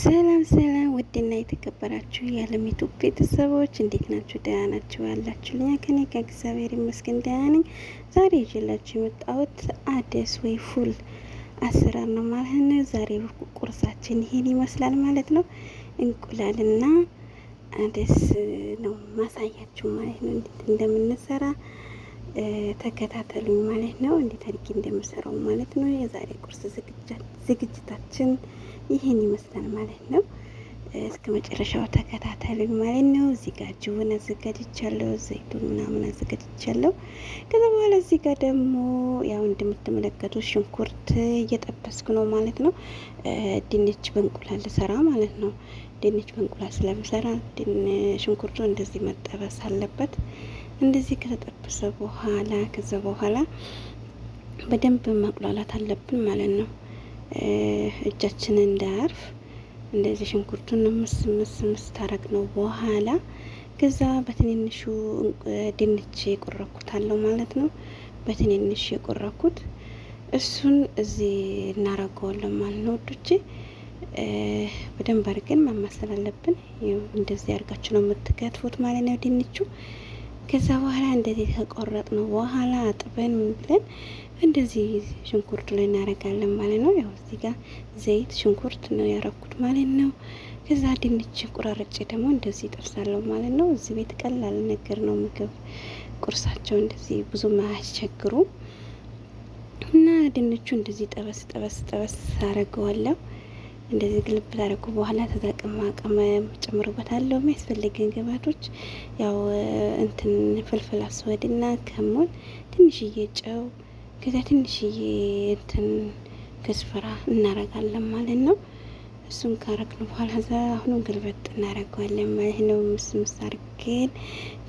ሰላም ሰላም ውድና የተከበራችሁ የአለሚቱ ቤተሰቦች እንዴት ናችሁ? ደህና ናችሁ? ልኛ ከኔ ከእግዚአብሔር ይመስገን ደህና ነኝ። ዛሬ ይዤላችሁ የመጣሁት አደስ ወይ ፉል አሰራር ነው ማለት ነው። ዛሬ ቁርሳችን ይሄን ይመስላል ማለት ነው። እንቁላልና አደስ ነው ማሳያችሁ ማለት ነው እንደምንሰራ ተከታተሉኝ ማለት ነው። እንዴት አድርጌ እንደምሰራው ማለት ነው። የዛሬ ቁርስ ዝግጅታችን ይህን ይመስላል ማለት ነው። እስከ መጨረሻው ተከታተሉኝ ማለት ነው። እዚህ ጋር ጅቡን አዘጋጅቻለሁ፣ ዘይቱን ምናምን አዘጋጅቻለሁ። ከዛ በኋላ እዚህ ጋር ደግሞ ያው እንደምትመለከቱ ሽንኩርት እየጠበስኩ ነው ማለት ነው። ድንች በእንቁላል ልሰራ ማለት ነው። ድንች በእንቁላል ስለምሰራ ሽንኩርቱ እንደዚህ መጠበስ አለበት። እንደዚህ ከተጠበሰ በኋላ ከዛ በኋላ በደንብ መቁላላት አለብን ማለት ነው። እጃችንን እንዳያርፍ እንደዚህ ሽንኩርቱን ምስ ምስ ምስ ታረቅ ነው በኋላ ከዛ በትንንሹ ድንች የቆረኩት አለው ማለት ነው። በትንንሽ የቆረኩት እሱን እዚህ እናረገዋለን ማለት ነው ወዶች በደንብ አድርገን ማማሰል አለብን። እንደዚህ አድርጋችሁ ነው የምትከትፉት ማለት ነው ድንቹ ከዛ በኋላ እንደዚህ ከቆረጥ ነው በኋላ አጥበን ምን ብለን እንደዚህ ሽንኩርት ላይ እናደርጋለን ማለት ነው። ያው እዚህ ጋር ዘይት ሽንኩርት ነው ያረኩት ማለት ነው። ከዛ ድንች ቁራርጬ ደግሞ እንደዚህ ይጠብሳለሁ ማለት ነው። እዚህ ቤት ቀላል ነገር ነው ምግብ ቁርሳቸው እንደዚህ ብዙ አያስቸግሩም እና ድንቹ እንደዚህ ጠበስ ጠበስ ጠበስ አረገዋለሁ። እንደዚህ ግልብ ታደረጉ በኋላ ተጠቅማ ቅመም ጨምርበታለሁ። የሚያስፈልግን ግብአቶች ያው እንትን ፍልፍል አስወድና ከሞን፣ ትንሽዬ ጨው፣ ከዚያ ትንሽዬ እንትን ከስፈራ እናረጋለን ማለት ነው። እሱን ካረግን በኋላ ዛ አሁኑ ግልበጥ እናረገዋለን ማለት ነው። ምስ ምስ አርገን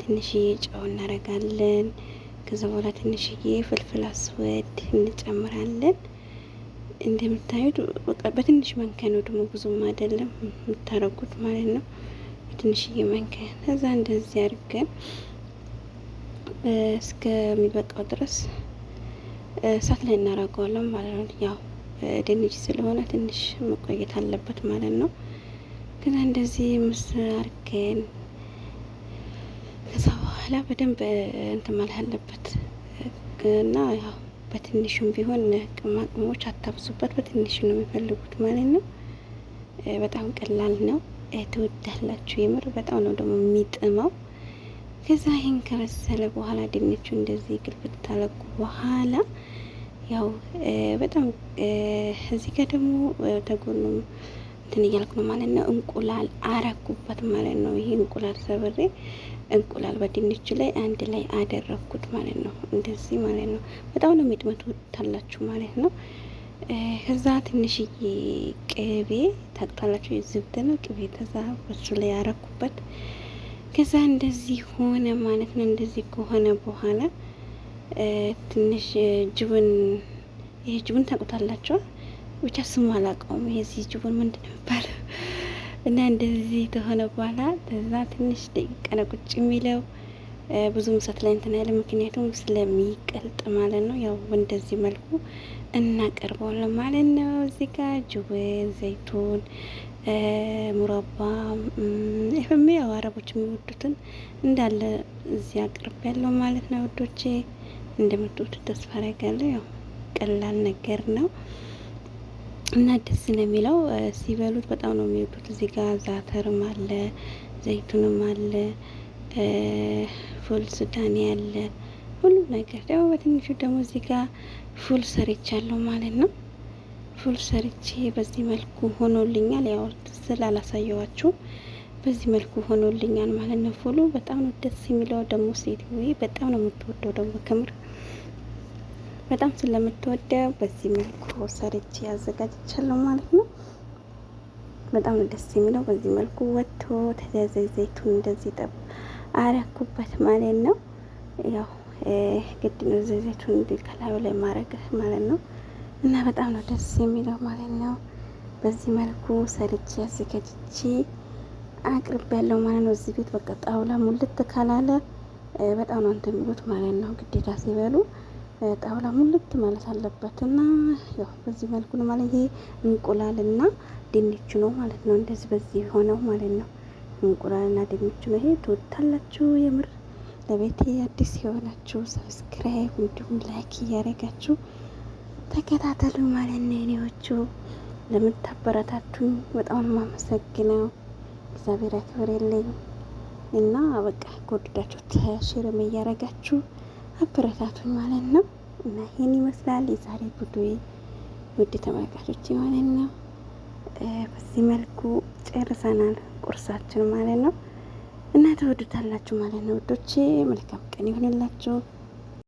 ትንሽዬ ጨው እናረጋለን። ከዛ በኋላ ትንሽዬ ፍልፍል አስወድ እንጨምራለን። እንደምታዩት በቃ በትንሽ መንከን ነው ደግሞ ብዙም አይደለም የምታረጉት ማለት ነው። በትንሽዬ መንከን ከዛ እንደዚህ አድርገን እስከሚበቃው ድረስ እሳት ላይ እናረገዋለን ማለት ነው። ያው ድንች ስለሆነ ትንሽ መቆየት አለበት ማለት ነው። ከዛ እንደዚህ ምስ አድርገን ከዛ በኋላ በደንብ እንትን ማለት አለበት እና ያው በትንሹም ቢሆን ቅመማ ቅመሞች አታብዙበት፣ በትንሹ ነው የሚፈልጉት ማለት ነው። በጣም ቀላል ነው። ትወዳላችሁ። የምር በጣም ነው ደግሞ የሚጥመው። ከዛ ይህን ከበሰለ በኋላ ድንቹ እንደዚህ ግልብጥ ታለቁ በኋላ ያው በጣም እዚህ ጋር ደግሞ ተጎኖ እንትን እያልኩ ነው ማለት ነው። እንቁላል አረኩበት ማለት ነው። ይሄ እንቁላል ሰብሬ እንቁላል በድንች ላይ አንድ ላይ አደረኩት ማለት ነው። እንደዚህ ማለት ነው። በጣም ነው የሚጥመት ታላችሁ ማለት ነው። ከዛ ትንሽዬ ቅቤ ታጣላችሁ፣ ዝብት ነው ቅቤ። ከዛ በሱ ላይ አረኩበት። ከዛ እንደዚህ ሆነ ማለት ነው። እንደዚህ ከሆነ በኋላ ትንሽ ጅቡን ይሄ ጅቡን ታቁታላችኋል ብቻ ስሙ አላውቀውም። ይሄ ዩቲዩቡን ምንድን ነው የሚባለው? እና እንደዚህ ተሆነ በኋላ ከዛ ትንሽ ደቂቃ ነው ቁጭ የሚለው ብዙ ምሳት ላይ እንትን ያለ ምክንያቱም ስለሚቀልጥ ማለት ነው። ያው እንደዚህ መልኩ እናቀርበዋለን ማለት ነው። እዚህ ጋር ጅብን፣ ዘይቱን፣ ሙረባ ይህም ያው አረቦች የሚወዱትን እንዳለ እዚህ አቅርብ ያለው ማለት ነው። ውዶቼ እንደምትወዱት ተስፋ አደርጋለሁ። ያው ቀላል ነገር ነው። እና ደስ ነው የሚለው ሲበሉት በጣም ነው የሚወዱት። እዚህ ጋር ዛተርም አለ፣ ዘይቱንም አለ፣ ፉል ሱዳኒ አለ፣ ሁሉም ነገር ደግሞ በትንሹ ደግሞ እዚህ ጋር ፉል ሰርቻለሁ ማለት ነው። ፉል ሰርቼ በዚህ መልኩ ሆኖልኛል። ያው ስል አላሳየዋችሁም። በዚህ መልኩ ሆኖልኛል ማለት ነው። ፉሉ በጣም ነው ደስ የሚለው ደግሞ ሴት በጣም ነው የምትወደው ደግሞ ክምር በጣም ስለምትወደው በዚህ መልኩ ሰርቼ ያዘጋጅቻለሁ ማለት ነው። በጣም ደስ የሚለው በዚህ መልኩ ወጥቶ ተዘዘይ ዘይቱን እንደዚህ ጠብ አረኩበት ማለት ነው። ያው ግድ ነው ዘይቱን ከላዩ ላይ ማድረግ ማለት ነው። እና በጣም ነው ደስ የሚለው ማለት ነው። በዚህ መልኩ ሰርቼ አዘጋጅቼ አቅርብ ያለው ማለት ነው። እዚህ ቤት በቃ ጣውላ ሙልት ካላለ በጣም ነው የሚሉት ማለት ነው። ግዴታ ሲበሉ ጣውላ ሙልት ማለት አለበት እና ያው በዚህ መልኩ ነው ማለት ይሄ እንቁላል እና ድንች ነው ማለት ነው። እንደዚህ በዚህ ሆነው ማለት ነው። እንቁላል እና ድንች ነው። ይሄ ትወዳላችሁ የምር ለቤት አዲስ የሆናችሁ ሰብስክራይብ እንዲሁም ላይክ እያደረጋችሁ ተከታተሉ ማለት ነው። እኔዎቹ ለምታበረታቱኝ በጣም ማመሰግነው እግዚአብሔር ያክብርልኝ እና በቃ ከወደዳችሁት ተሽርም እያደረጋችሁ አበረታቱን ማለት ነው። እና ይህን ይመስላል የዛሬ ቡዱ ውድ ተመልካቾች ማለት ነው። በዚህ መልኩ ጨርሰናል ቁርሳችን ማለት ነው። እና ተወዱታላችሁ ማለት ነው ውዶቼ። መልካም ቀን ይሆንላችሁ።